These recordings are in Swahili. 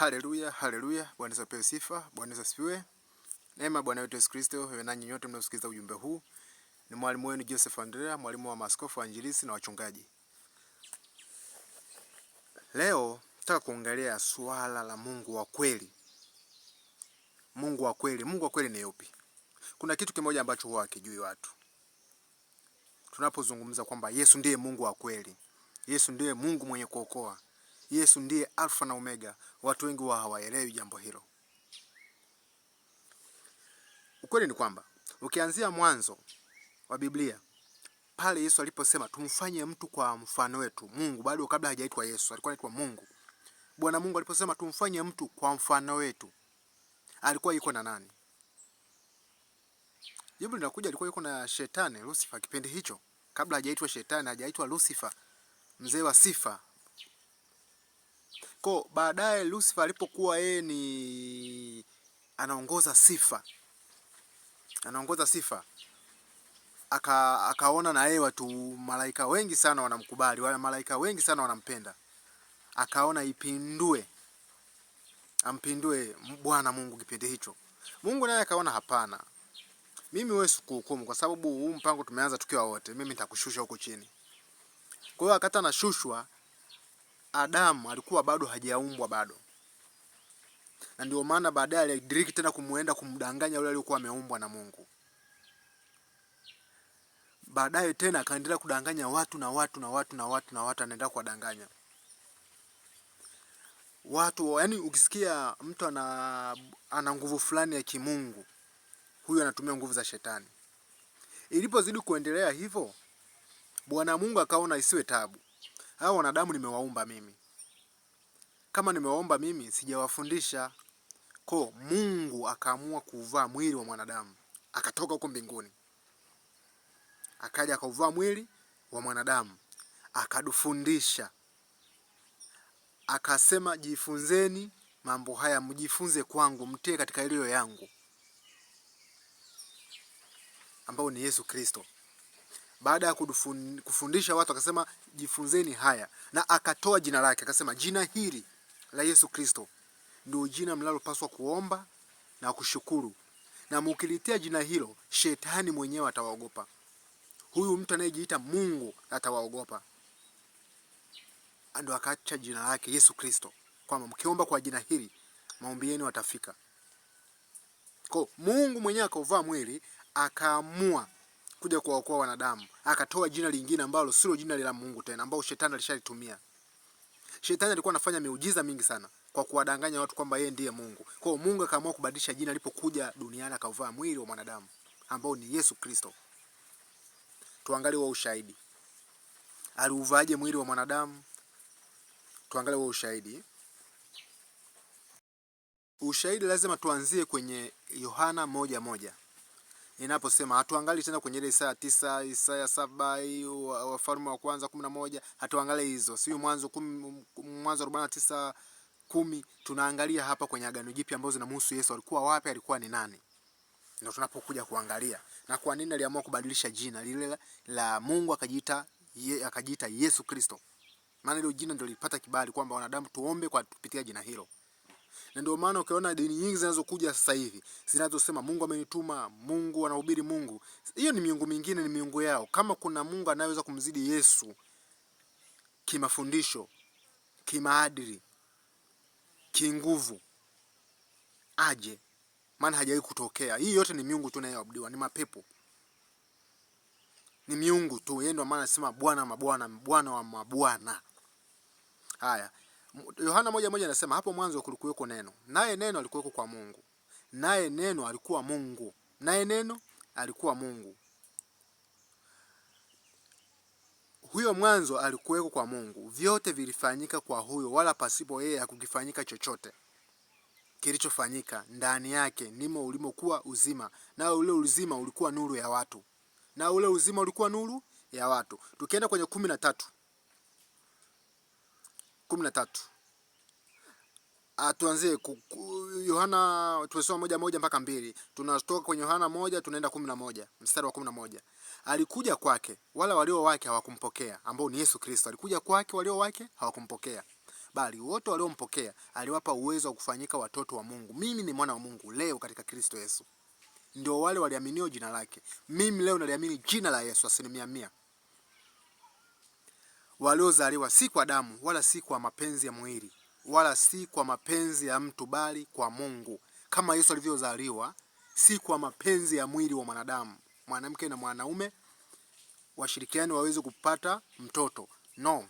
Haleluya, haleluya. Bwana apewe sifa, Bwana asifiwe. Neema Bwana wetu Yesu Kristo iwe nanyi nyote mnaosikiza ujumbe huu. Ni mwalimu wenu Joseph Andrea, mwalimu wa maaskofu, injilisi na wachungaji. Leo nataka kuongelea swala la Mungu wa kweli. Mungu wa kweli, Mungu wa kweli ni yupi? Kuna kitu kimoja ambacho huwa hakijui watu. Tunapozungumza kwamba Yesu ndiye Mungu wa kweli, Yesu ndiye Mungu mwenye kuokoa, Yesu ndiye Alfa na Omega. Watu wengi wa hawaelewi jambo hilo. Ukweli ni kwamba ukianzia mwanzo wa Biblia pale Yesu aliposema tumfanye mtu kwa mfano wetu, Mungu bado kabla hajaitwa Yesu, alikuwa anaitwa Mungu. Bwana Mungu aliposema tumfanye mtu kwa mfano wetu, alikuwa yuko na nani? Jibu linakuja, alikuwa yuko na shetani Lucifer kipindi hicho, kabla hajaitwa shetani, hajaitwa Lucifer, mzee wa sifa kwa baadaye Lucifer alipokuwa yeye ni anaongoza sifa, anaongoza sifa aka akaona na yeye watu malaika wengi sana wanamkubali, wale malaika wengi sana wanampenda, akaona ipindue, ampindue Bwana Mungu kipindi hicho. Mungu naye akaona hapana, mimi wewe sikuhukumu kwa sababu huu mpango tumeanza tukiwa wote, mimi nitakushusha huko chini. Kwa hiyo akata anashushwa Adamu alikuwa bado hajaumbwa bado, na ndio maana baadaye alidiriki tena kumwenda kumdanganya yule aliyokuwa ameumbwa na Mungu. Baadaye tena akaendelea kudanganya watu na watu na watu na watu na watu, anaendelea kuwadanganya watu. Yaani ukisikia mtu ana ana nguvu fulani ya kimungu, huyu anatumia nguvu za shetani. Ilipozidi kuendelea hivyo, Bwana Mungu akaona isiwe tabu hao wanadamu nimewaumba mimi. Kama nimewaumba mimi, sijawafundisha. Ko Mungu akaamua kuuvaa mwili wa mwanadamu, akatoka huko mbinguni, akaja akauvaa mwili wa mwanadamu, akadufundisha, akasema, jifunzeni mambo haya, mjifunze kwangu, mtie katika iliyo yangu, ambao ni Yesu Kristo baada ya kufundisha watu akasema jifunzeni haya, na akatoa jina lake akasema, jina hili la Yesu Kristo ndio jina mlalopaswa kuomba na kushukuru, na mukilitia jina hilo shetani mwenyewe atawaogopa. Huyu mtu anayejiita Mungu atawaogopa. Ndio akaacha jina lake Yesu Kristo, kwamba mkiomba kwa jina hili maombi yenu watafika. Kwa Mungu mwenyewe akauvaa mwili akaamua kuja kuwaokoa wanadamu, akatoa jina lingine ambalo silo jina la Mungu tena, ambao shetani alishalitumia. Shetani alikuwa anafanya miujiza mingi sana kwa kuwadanganya watu kwamba yeye ndiye Mungu. Kwa hiyo Mungu akaamua kubadilisha jina alipokuja duniani akauvaa mwili wa mwanadamu ambao ni Yesu Kristo. Tuangalie wao ushahidi. Aliuvaje mwili wa mwanadamu? Tuangalie wao ushahidi. Ushahidi lazima tuanzie kwenye Yohana moja moja inaposema hatuangali tena kwenye ile Isaya tisa, Isaya saba, Wafalme wa kwanza kumi na moja, hatuangali hizo, sio Mwanzo kumi, Mwanzo arobaini na tisa kumi. Tunaangalia hapa kwenye Agano Jipya ambazo zinamhusu Yesu, alikuwa wapi, alikuwa ni nani, ndio tunapokuja kuangalia na kwa nini aliamua kubadilisha jina lile la Mungu akajiita ye, akajiita Yesu Kristo, maana hilo jina ndio lilipata kibali kwamba wanadamu tuombe kwa kupitia jina hilo. Na ndio maana ukiona dini nyingi zinazokuja sasa hivi zinazosema Mungu amenituma, Mungu anahubiri Mungu, hiyo ni miungu mingine, ni miungu yao. Kama kuna Mungu anayeweza kumzidi Yesu kimafundisho, kimaadili, kinguvu, aje? Maana hajawahi kutokea. Hii yote ni miungu tu inayoabudiwa, ni mapepo, ni miungu tu. Yeye ndio maana anasema Bwana mabwana, Bwana wa mabwana. Haya. Yohana moja moja anasema hapo mwanzo kulikuweko neno, naye neno alikuweko kwa Mungu, naye neno alikuwa Mungu, naye neno alikuwa Mungu. Huyo mwanzo alikuweko kwa Mungu, vyote vilifanyika kwa huyo, wala pasipo yeye hakukifanyika chochote kilichofanyika. Ndani yake nimo ulimokuwa uzima, na ule uzima ulikuwa nuru ya watu, na ule uzima ulikuwa nuru ya watu. Tukienda kwenye kumi na tatu kumi na tatu. Ah, tuanzie Yohana, tumesoma moja moja mpaka mbili. Tunatoka kwenye Yohana moja tunaenda kumi na moja mstari wa kumi na moja alikuja kwake wala walio wake hawakumpokea, ambao ni Yesu Kristo. Alikuja kwake walio wake hawakumpokea, bali wote waliompokea aliwapa uwezo wa kufanyika watoto wa Mungu. Mimi ni mwana wa Mungu leo katika Kristo Yesu, ndio wale waliaminio jina lake. Mimi leo naliamini jina la Yesu asilimia mia waliozaliwa si kwa damu wala si kwa mapenzi ya mwili wala si kwa mapenzi ya mtu bali kwa Mungu, kama Yesu alivyozaliwa si kwa mapenzi ya mwili wa mwanadamu, mwanamke na mwanaume washirikiani waweze kupata mtoto no.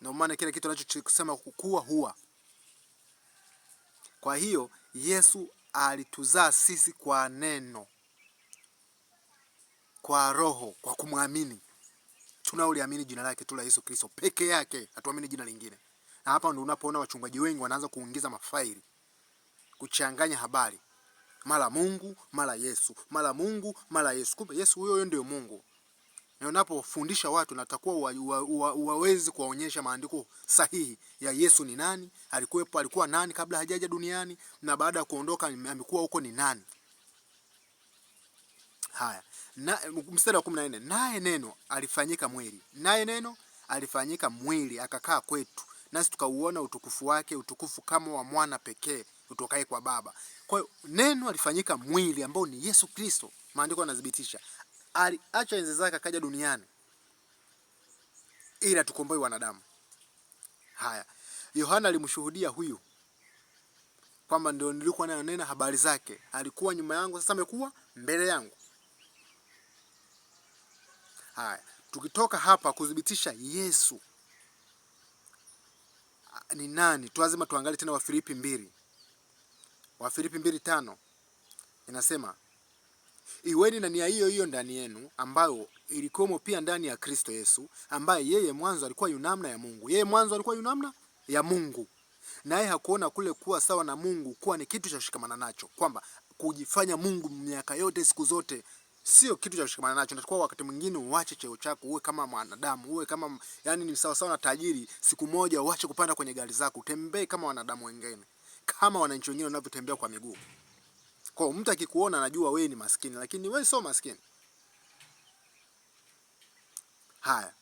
Ndio maana kila kitu anachosema kukua huwa. Kwa hiyo Yesu alituzaa sisi kwa neno, kwa roho, kwa kumwamini tunaoliamini jina lake tu la Yesu Kristo peke yake, hatuamini jina lingine. Na hapa ndio unapoona wachungaji wengi wanaanza kuingiza mafaili, kuchanganya habari, mara Mungu mara Yesu, mara Mungu mara Yesu. Kumbe Yesu huyo huyo ndio Mungu. Na unapofundisha watu natakuwa uwawezi kuwaonyesha maandiko sahihi ya Yesu ni nani, alikuwepo, alikuwa nani kabla hajaja duniani, na baada ya kuondoka amekuwa huko ni nani. Haya, na mstari wa 14, naye neno alifanyika mwili, naye neno alifanyika mwili akakaa kwetu, nasi tukauona utukufu wake, utukufu kama wa mwana pekee utokaye kwa Baba. Kwa hiyo neno alifanyika mwili ambao ni Yesu Kristo, maandiko yanathibitisha aliacha enzi zake akaja duniani ili atukomboe wanadamu. Haya, Yohana alimshuhudia huyu kwamba ndio nilikuwa nayo nena habari zake, alikuwa nyuma yangu, sasa amekuwa mbele yangu. Haya, tukitoka hapa kudhibitisha Yesu ni nani, tu lazima tuangalie tena Wafilipi mbili Wafilipi mbili tano inasema iweni na nia hiyo hiyo ndani yenu ambayo ilikuwemo pia ndani ya Kristo Yesu, ambaye yeye mwanzo alikuwa yunamna ya Mungu. Yeye mwanzo alikuwa yunamna ya Mungu, naye hakuona kule kuwa sawa na Mungu kuwa ni kitu cha kushikamana nacho, kwamba kujifanya Mungu miaka yote siku zote sio kitu cha kushikamana nacho. Natakuwa wakati mwingine uache cheo chako, uwe kama mwanadamu, uwe kama yani, ni sawa sawa na tajiri. Siku moja uache kupanda kwenye gari zako, utembee kama wanadamu wengine, kama wananchi wengine wanavyotembea kwa miguu. Kwa mtu akikuona anajua wewe ni maskini, lakini wewe sio maskini. Haya,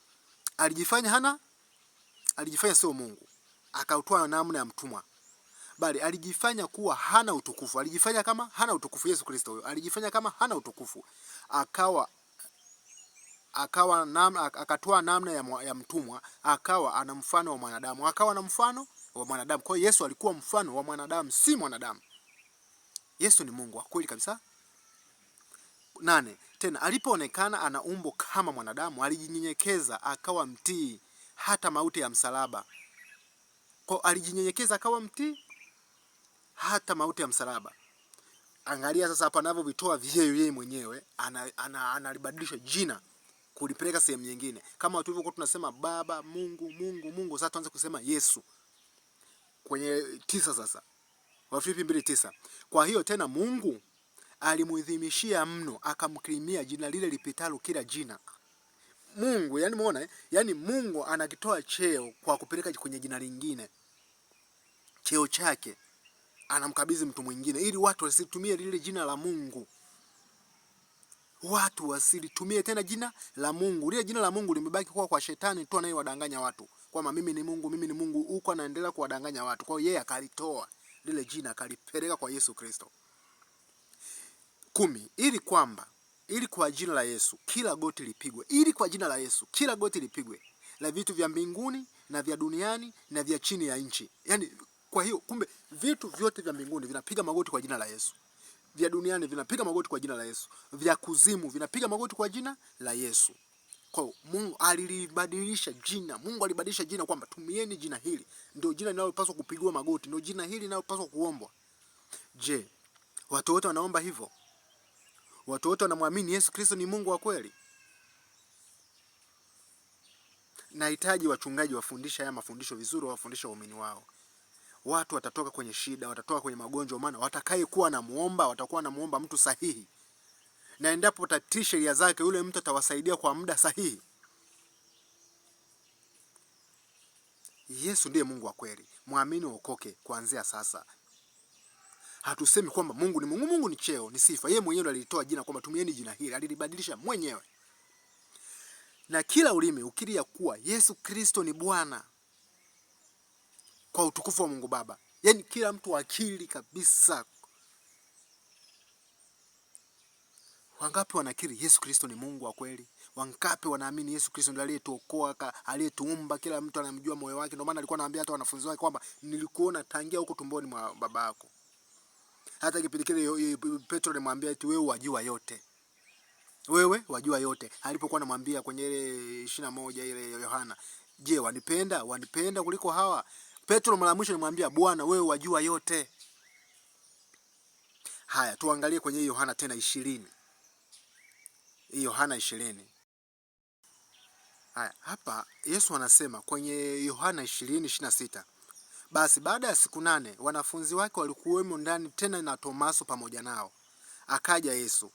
alijifanya hana, alijifanya sio Mungu, akautoa namna ya mtumwa bali alijifanya kuwa hana utukufu, alijifanya kama hana utukufu. Yesu Kristo huyo alijifanya kama hana utukufu, akawa akawa namna akatoa namna ya, ya mtumwa, akawa ana mfano wa mwanadamu, akawa na mfano wa mwanadamu. Kwa hiyo Yesu alikuwa mfano wa mwanadamu, si mwanadamu. Yesu ni Mungu wa kweli kabisa. Nane, tena alipoonekana ana umbo kama mwanadamu, alijinyenyekeza akawa mtii hata mauti ya msalaba. Kwa alijinyenyekeza akawa mtii hata mauti ya msalaba. Angalia sasa hapa anavyovitoa vyeye yeye mwenyewe, analibadilisha ana, ana jina kulipeleka sehemu nyingine. Kama watu hivyo tunasema Baba Mungu, Mungu, Mungu, sasa tuanze kusema Yesu kwenye tisa sasa, Wafilipi mbili tisa. Kwa hiyo tena Mungu alimuidhimishia mno, akamkirimia jina lile lipitalo kila jina. Mungu yani, umeona eh? Yani Mungu anakitoa cheo kwa kupeleka kwenye jina lingine, cheo chake anamkabidhi mtu mwingine, ili watu wasitumie lile jina la Mungu. Watu wasilitumie tena jina la Mungu. Lile jina la Mungu limebaki kuwa kwa shetani tu anayewadanganya watu kwamba mimi ni Mungu, mimi ni Mungu, huko anaendelea kuwadanganya watu. Kwa hiyo yeye akalitoa lile jina akalipeleka kwa Yesu Kristo. Kumi, ili kwamba ili kwa jina la Yesu kila goti lipigwe, ili kwa jina la Yesu kila goti lipigwe, la vitu vya mbinguni na vya duniani na vya chini ya nchi, yaani kwa hiyo kumbe vitu vyote vya mbinguni vinapiga magoti kwa jina la Yesu, vya duniani vinapiga magoti kwa jina la Yesu, vya kuzimu vinapiga magoti kwa jina la Yesu. Kwa hiyo Mungu alilibadilisha jina, Mungu alibadilisha jina kwamba tumieni jina hili, ndio jina linalopaswa kupigwa magoti, ndio jina hili linalopaswa kuombwa. Je, watu wote wanaomba hivyo? Watu wote wanamwamini Yesu Kristo ni Mungu wa kweli? Nahitaji wachungaji wafundishe haya mafundisho vizuri, wawafundishe waumini wao watu watatoka kwenye shida, watatoka kwenye magonjwa, maana watakaye kuwa na muomba watakuwa na muomba mtu sahihi, na endapo tatii sheria zake, yule mtu atawasaidia kwa muda sahihi. Yesu ndiye Mungu wa kweli. Mwamini uokoke kuanzia sasa. Hatusemi kwamba Mungu ni Mungu. Mungu ni cheo, ni sifa. Yeye mwenyewe alitoa jina kwamba tumieni jina hili, alilibadilisha mwenyewe. Na kila ulimi ukiri ya kuwa Yesu Kristo ni Bwana kwa utukufu wa Mungu Baba. Yaani kila mtu akili kabisa. Wangapi wanakiri Yesu Kristo ni Mungu wa kweli? Wangapi wanaamini Yesu Kristo ndiye aliyetuokoa, aliyetuumba? Kila mtu anamjua moyo wake. Ndio maana alikuwa anawaambia hata wanafunzi wake kwamba nilikuona tangia huko tumboni mwa baba yako. Hata kipindi kile Petro alimwambia eti wewe wajua yote. Wewe wajua yote. Alipokuwa anamwambia kwenye ile 21 ile Yohana, je, wanipenda? Wanipenda kuliko hawa? Petro mara mwisho alimwambia Bwana, wewe wajua yote haya. Tuangalie kwenye Yohana tena ishirini, hii Yohana ishirini. Haya, hapa Yesu anasema kwenye Yohana ishirini ishirini na sita basi baada ya siku nane wanafunzi wake walikuwemo ndani tena na Tomaso pamoja nao. Akaja Yesu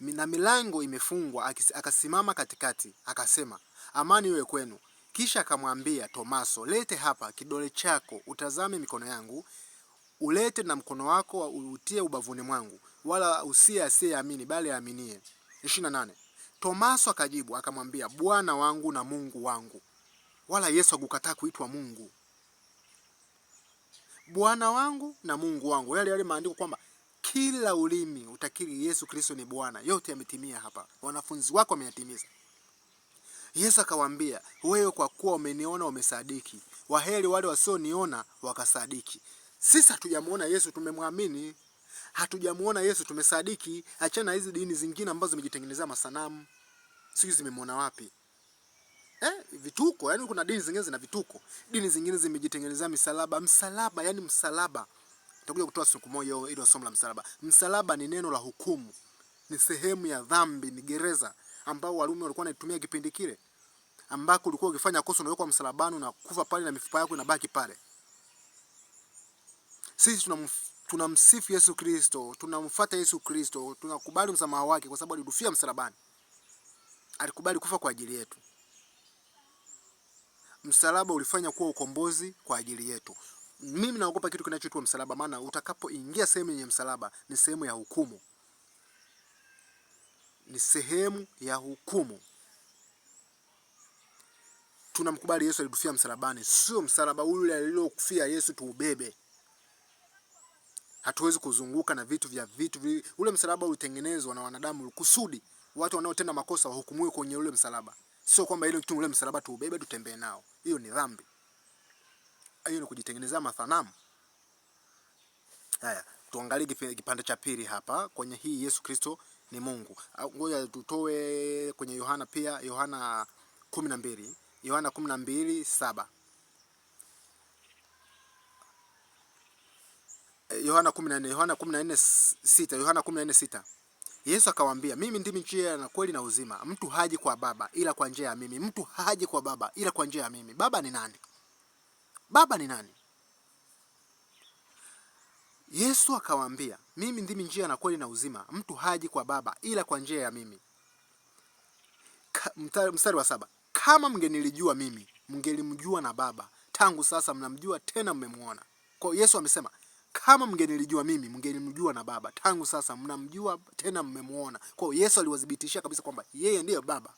na milango imefungwa, akasimama katikati, akasema, amani iwe kwenu. Kisha akamwambia Tomaso, lete hapa kidole chako, utazame mikono yangu, ulete na mkono wako utie ubavuni mwangu, wala usiye asiyeamini, bali aaminie. 28. Tomaso akajibu akamwambia, Bwana wangu na Mungu wangu. Wala Yesu hakukataa kuitwa Mungu. Bwana wangu na Mungu wangu, yale yale maandiko kwamba kila ulimi utakiri Yesu Kristo ni Bwana. Yote yametimia hapa, wanafunzi wako wameyatimiza. Yesu akawaambia, wewe kwa kuwa umeniona umesadiki, waheri wale wasioniona wakasadiki. Sisi hatujamuona Yesu, tumemwamini. hatujamuona Yesu, tumesadiki. Achana hizi dini zingine ambazo zimejitengenezea masanamu, sijui zimemwona wapi Eh, vituko yani, kuna dini zingine zina vituko, dini zingine zimejitengenezea misalaba. Msalaba yani msalaba, nitakuja kutoa siku moja ile somo la msalaba. Msalaba ni neno la hukumu, ni sehemu ya dhambi, ni gereza ambao Warumi walikuwa wanatumia kipindi kile, ambako ulikuwa ukifanya kosa unawekwa msalabani na kufa pale na mifupa yako inabaki pale. Sisi tunamsifu tuna Yesu Kristo, tunamfuata Yesu Kristo, tunakubali msamaha wake kwa sababu alidufia msalabani, alikubali kufa kwa ajili yetu. Msalaba ulifanya kuwa ukombozi kwa ajili yetu. Mimi naogopa kitu kinachoitwa msalaba, maana utakapoingia sehemu yenye msalaba ni sehemu ya hukumu ni sehemu ya hukumu. Tunamkubali Yesu alitufia msalabani, sio msalaba ule alilokufia Yesu tuubebe. Hatuwezi kuzunguka na vitu vya vitu vi... Ule msalaba ulitengenezwa na wanadamu kusudi watu wanaotenda makosa wahukumiwe kwenye ule msalaba, sio kwamba ile kitu ule msalaba tuubebe tutembee nao. Hiyo ni dhambi, hiyo ni kujitengenezea mathanamu. Haya, tuangalie kipande cha pili hapa kwenye hii Yesu Kristo ni Mungu. Ngoja tutoe kwenye Yohana pia, Yohana kumi na mbili Yohana kumi na mbili saba eh, Yohana kumi na nne Yohana kumi na nne sita Yohana kumi na nne sita Yesu akawaambia, mimi ndimi njia na kweli na uzima, mtu haji kwa Baba ila kwa njia ya mimi, mtu haji kwa Baba ila kwa njia ya mimi. Baba ni nani? Baba ni nani? Yesu akawaambia, mimi ndimi njia na kweli na uzima, mtu haji kwa Baba ila kwa njia ya mimi. Mstari wa saba, kama mngenilijua mimi mngelimjua na Baba, tangu sasa mnamjua tena mmemwona. Kwa Yesu amesema kama mngenilijua mimi mngelimjua na Baba, tangu sasa mnamjua tena mmemwona. Kwa Yesu aliwathibitishia kabisa kwamba yeye ndiye Baba.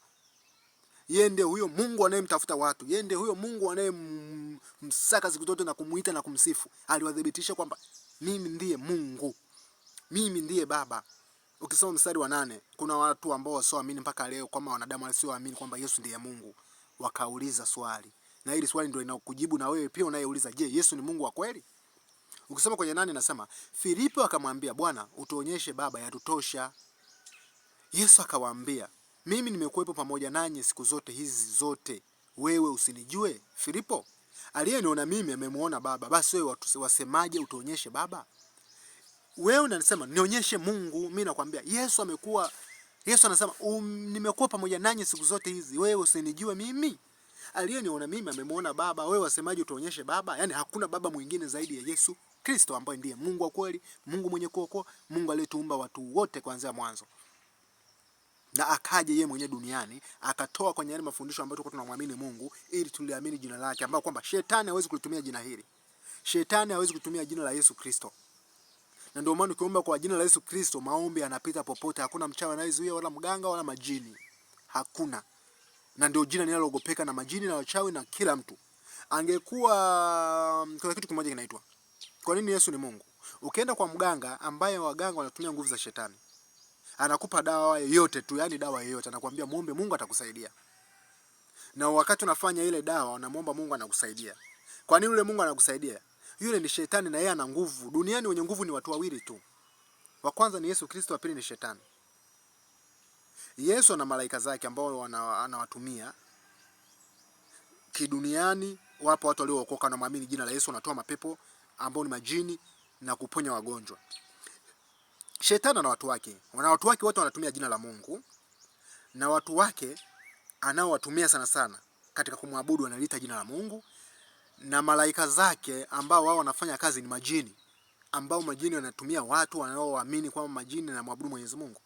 Yeye ndiye huyo Mungu anayemtafuta watu, yeye ndiye huyo Mungu anayemsaka siku zote na kumuita na kumsifu. Aliwadhibitisha kwamba mimi ndiye Mungu, mimi ndiye Baba. Ukisoma mstari wa nane, kuna watu ambao wasioamini mpaka leo kwamba wanadamu wasioamini kwamba Yesu ndiye Mungu, wakauliza swali, na hili swali ndio inakujibu na wewe pia unayeuliza, je, Yesu ni Mungu wa kweli? Ukisoma kwenye nane nasema, Filipo akamwambia Bwana, utuonyeshe Baba, yatutosha. Yesu akawaambia mimi nimekuwepo pamoja nanyi siku zote hizi zote, wewe usinijue? Filipo, aliyeniona mimi amemwona Baba, basi wewe wasemaje utuonyeshe Baba? Wewe unasema nionyeshe Mungu. Mimi nakwambia Yesu amekuwa Yesu anasema um, nimekuwa pamoja nanyi siku zote hizi, wewe usinijue mimi? Aliyeniona mimi amemwona Baba, wewe wasemaje utuonyeshe Baba? Yaani hakuna baba mwingine zaidi ya Yesu Kristo ambaye ndiye Mungu wa kweli, Mungu mwenye kuokoa, Mungu aliyetuumba watu wote kuanzia mwanzo na akaja yeye mwenyewe duniani akatoa kwenye yale mafundisho ambayo tulikuwa tunamwamini Mungu ili tuliamini jina lake, ambao kwamba shetani hawezi kulitumia jina hili, shetani hawezi kutumia jina la Yesu Kristo. Na ndio maana ukiomba kwa jina la Yesu Kristo, maombi yanapita popote. Hakuna mchawi anayezuia, wala mganga, wala majini, hakuna. Na ndio jina linalogopeka na majini na wachawi na kila mtu. Angekuwa mm, kuna kitu kimoja kinaitwa kwa nini Yesu ni Mungu. Ukienda kwa mganga ambaye waganga wanatumia nguvu za shetani anakupa dawa yoyote tu, yani dawa yoyote, anakuambia muombe Mungu atakusaidia. Na wakati unafanya ile dawa unamuomba Mungu anakusaidia. Kwa nini yule Mungu anakusaidia? Yule ni shetani na yeye ana nguvu. Duniani wenye nguvu ni watu wawili tu. Wa kwanza ni Yesu Kristo, wa pili ni shetani. Yesu ana malaika zake ambao anawatumia kiduniani. Wapo watu waliookoka na muamini jina la Yesu wanatoa mapepo ambao ni majini na kuponya wagonjwa. Shetani na watu wake, na watu wake wote wanatumia jina la Mungu, na watu wake anaowatumia sana sana katika kumwabudu wanaliita jina la Mungu, na malaika zake ambao wao wanafanya kazi ni majini, ambao majini wanatumia watu wanaoamini kwamba majini na mwabudu Mwenyezi Mungu.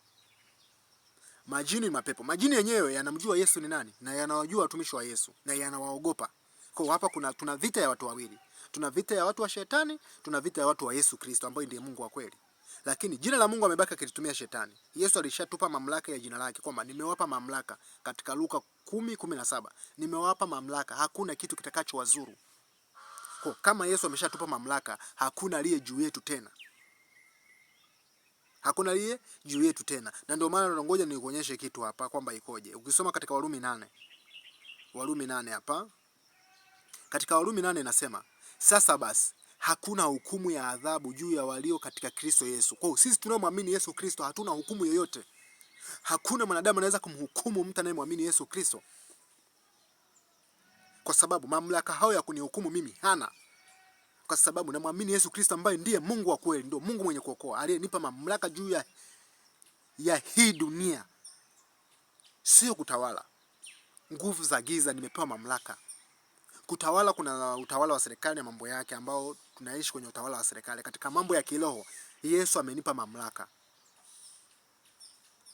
Majini ni mapepo. Majini yenyewe yanamjua Yesu ni nani na yanawajua watumishi wa Yesu na yanawaogopa. Kwa hapa kuna tuna vita ya watu wawili, tuna vita ya watu wa Shetani, tuna vita ya watu wa Yesu Kristo ambaye ndiye Mungu wa kweli lakini jina la Mungu amebaki akilitumia shetani. Yesu alishatupa mamlaka ya jina lake kwamba nimewapa mamlaka katika Luka 10:17. Nimewapa mamlaka, hakuna kitu kitakachowazuru. Kwa kama Yesu ameshatupa mamlaka, hakuna aliye juu yetu tena. Hakuna aliye juu yetu tena. Na ndio maana tunangoja nikuonyeshe kitu hapa kwamba ikoje. Ukisoma katika Warumi nane. Warumi nane hapa. Katika Warumi nane inasema, sasa basi hakuna hukumu ya adhabu juu ya walio katika Kristo Yesu. Kwa hiyo sisi tunaomwamini Yesu Kristo hatuna hukumu yoyote. Hakuna mwanadamu anaweza kumhukumu mtu anayemwamini Yesu Kristo, kwa sababu mamlaka hayo ya kunihukumu mimi hana, kwa sababu namwamini Yesu Kristo ambaye ndiye Mungu wa kweli, ndio Mungu mwenye kuokoa aliyenipa mamlaka juu ya, ya hii dunia, sio kutawala. Nguvu za giza nimepewa mamlaka. Kutawala, kuna utawala wa serikali na mambo yake, ambao tunaishi kwenye utawala wa serikali. Katika mambo ya kiroho, Yesu amenipa mamlaka,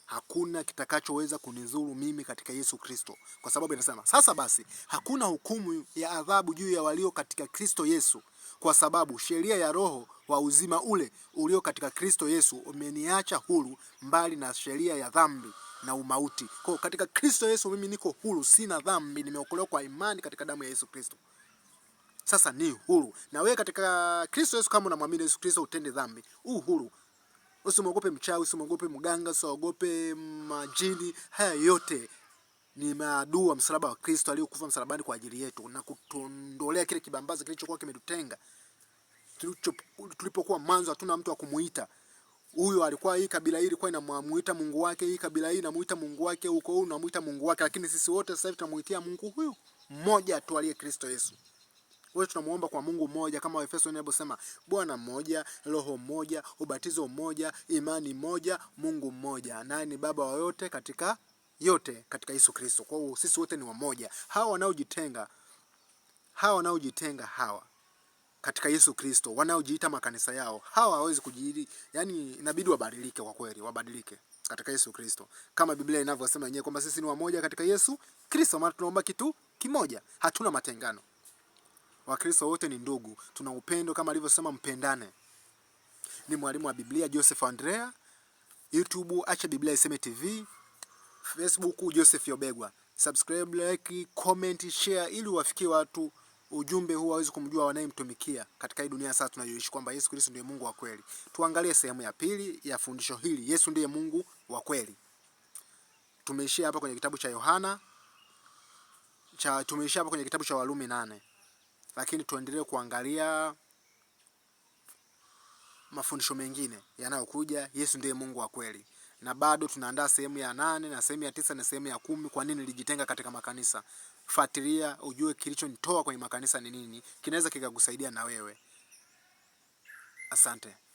hakuna kitakachoweza kunizuru mimi katika Yesu Kristo, kwa sababu inasema sasa basi, hakuna hukumu ya adhabu juu ya walio katika Kristo Yesu, kwa sababu sheria ya roho wa uzima ule ulio katika Kristo Yesu umeniacha huru mbali na sheria ya dhambi na umauti. Kwa katika Kristo Yesu mimi niko huru, sina dhambi, nimeokolewa kwa imani katika damu ya Yesu Kristo. Sasa ni huru. Na wewe katika Kristo Yesu, kama unamwamini Yesu Kristo, utende dhambi, u huru. Usimwogope mchawi, usimwogope mganga, usiogope majini. Haya yote ni maadui wa msalaba wa Kristo aliyokufa msalabani kwa ajili yetu na kutuondolea kile kibambazi kilichokuwa kimetutenga tulipokuwa mwanzo, hatuna mtu wa kumuita huyu alikuwa hii kabila hii ilikuwa inamuita Mungu wake, hii kabila hii inamuita Mungu wake, huko huyu unamuita Mungu wake, lakini sisi wote sasa hivi tunamuitia Mungu huyu mmoja tu aliye Kristo Yesu. Wewe tunamuomba kwa Mungu mmoja kama Waefeso inavyosema, Bwana mmoja, Roho mmoja, ubatizo mmoja, imani moja, Mungu mmoja, naye ni baba wa yote katika yote katika Yesu Kristo. Kwa hiyo sisi wote ni wamoja. Hawa wanaojitenga hawa wanaojitenga hawa katika Yesu Kristo wanaojiita makanisa yao, hawa hawezi kujiri, yani inabidi wabadilike kwa kweli, wabadilike katika Yesu Kristo, kama Biblia inavyosema yenyewe kwamba sisi ni wamoja katika Yesu Kristo, maana tunaomba kitu kimoja, hatuna matengano. Wakristo wote ni ndugu, tuna upendo kama alivyosema mpendane. Ni mwalimu wa Biblia Joseph Andrea, YouTube acha Biblia iseme TV, Facebook Joseph Yobegwa. Subscribe, like, comment, share ili wafikie watu ujumbe huu hawezi kumjua wanayemtumikia katika hii dunia sasa tunayoishi, kwamba Yesu Kristo ndiye Mungu wa kweli. Tuangalie sehemu ya pili ya fundisho hili, Yesu ndiye Mungu wa kweli. Tumeishia hapa kwenye kitabu cha Yohana cha, tumeishia hapa kwenye kitabu cha Warumi nane, lakini tuendelee kuangalia mafundisho mengine yanayokuja. Yesu ndiye Mungu wa kweli, na bado tunaandaa sehemu ya nane na sehemu ya tisa na sehemu ya kumi, kwa nini lijitenga katika makanisa fuatilia ujue kilichonitoa kwenye makanisa ni nini, kinaweza kikakusaidia na wewe. Asante.